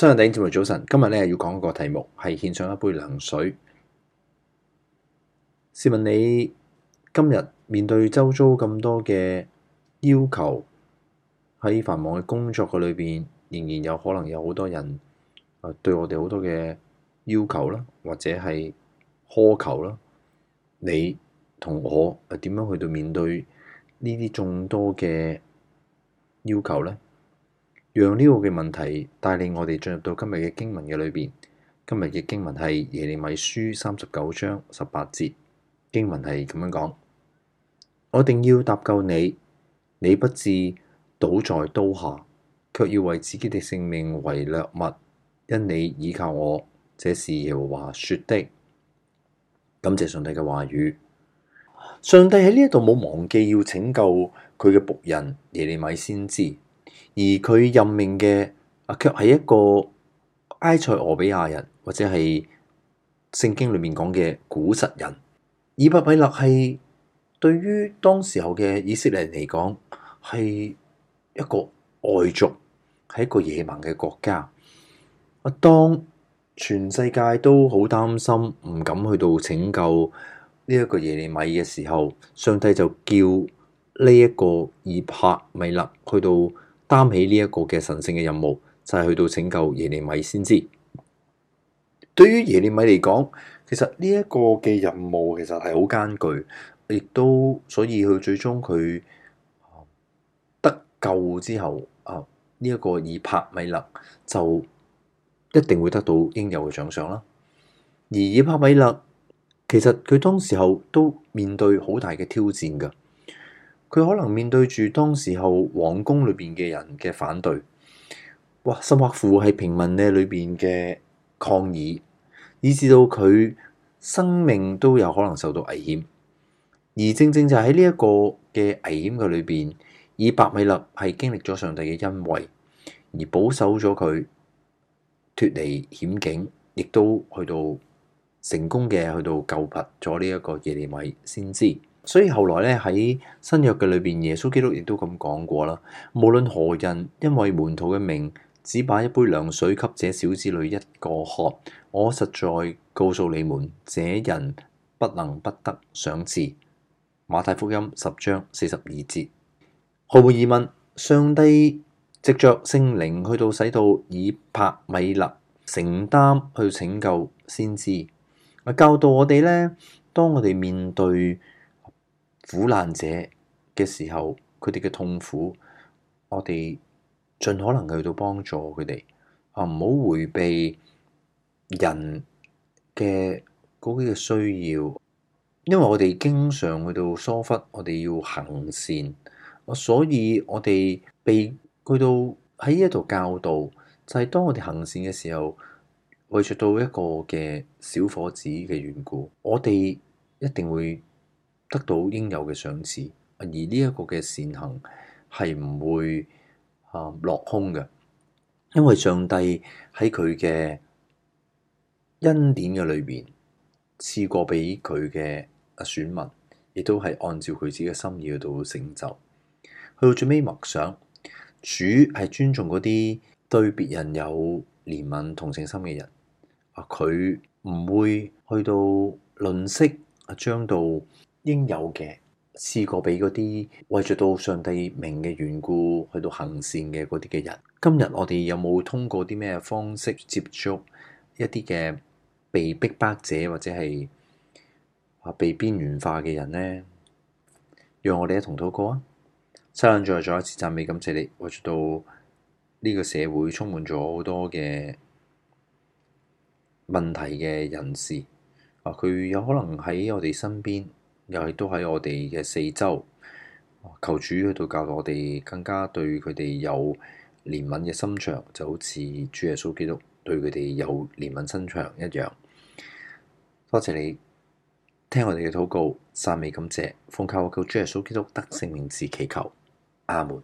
新真係大家早晨，今日咧，要講一個題目係獻上一杯涼水。試問你今日面對周遭咁多嘅要求，喺繁忙嘅工作嘅裏邊，仍然有可能有好多人啊對我哋好多嘅要求啦，或者係苛求啦。你同我係點樣去到面對呢啲眾多嘅要求咧？讓呢個嘅問題帶領我哋進入到今日嘅經文嘅裡邊。今日嘅經文係耶利米書三十九章十八節，經文係咁樣講：我定要搭救你，你不致倒在刀下，卻要為自己嘅性命為掠物，因你倚靠我。這是耶和華說的。感謝上帝嘅話語，上帝喺呢一度冇忘記要拯救佢嘅僕人耶利米，先知。而佢任命嘅啊，卻係一個埃塞俄比亞人，或者係聖經裏面講嘅古實人。以伯米勒係對於當時候嘅以色列人嚟講，係一個外族，係一個野蠻嘅國家。啊，當全世界都好擔心，唔敢去到拯救呢一個耶利米嘅時候，上帝就叫呢一個以伯米勒去到。擔起呢一個嘅神聖嘅任務，就係去到拯救耶利米先知。對於耶利米嚟講，其實呢一個嘅任務其實係好艱巨，亦都所以佢最終佢得救之後，啊呢一個以伯米勒就一定會得到應有嘅獎賞啦。而以伯米勒其實佢當時候都面對好大嘅挑戰噶。佢可能面對住當時候皇宮裏邊嘅人嘅反對，哇！甚或乎係平民呢裏邊嘅抗議，以至到佢生命都有可能受到危險。而正正就喺呢一個嘅危險嘅裏邊，以伯米勒係經歷咗上帝嘅恩惠，而保守咗佢脫離險境，亦都去到成功嘅去到救拔咗呢一個耶利米先知。所以後來咧喺新約嘅裏邊，耶穌基督亦都咁講過啦。無論何人，因為門徒嘅名，只把一杯涼水給這小子裏一個喝，我實在告訴你們，這人不能不得賞賜。馬太福音十章四十二節，毫無疑問，上帝藉着聖靈去到使到以伯米勒承擔去拯救先知啊，教導我哋咧，當我哋面對。苦難者嘅時候，佢哋嘅痛苦，我哋盡可能去到幫助佢哋啊！唔好迴避人嘅嗰啲嘅需要，因為我哋經常去到疏忽，我哋要行善，所以我哋被去到喺呢一度教導，就係、是、當我哋行善嘅時候，為咗到一個嘅小伙子嘅緣故，我哋一定會。得到應有嘅賞賜，而呢一個嘅善行係唔會啊落空嘅，因為上帝喺佢嘅恩典嘅裏邊賜過俾佢嘅啊選民，亦都係按照佢自己嘅心意去到成就。去到最尾默想，主係尊重嗰啲對別人有憐憫同情心嘅人啊，佢唔會去到吝嗇啊，將到。應有嘅試過畀嗰啲為著到上帝名嘅緣故去到行善嘅嗰啲嘅人。今日我哋有冇通過啲咩方式接觸一啲嘅被逼迫者或者係啊被邊緣化嘅人呢？讓我哋一同禱告啊！失人再再一次讚美，感謝你為著到呢個社會充滿咗好多嘅問題嘅人士啊，佢有可能喺我哋身邊。又係都喺我哋嘅四周，求主喺度教導我哋更加對佢哋有憐憫嘅心腸，就好似主耶穌基督對佢哋有憐憫心腸一樣。多謝你聽我哋嘅禱告，讚美感謝，奉靠我哋救主耶穌基督得聖名字祈求，阿門。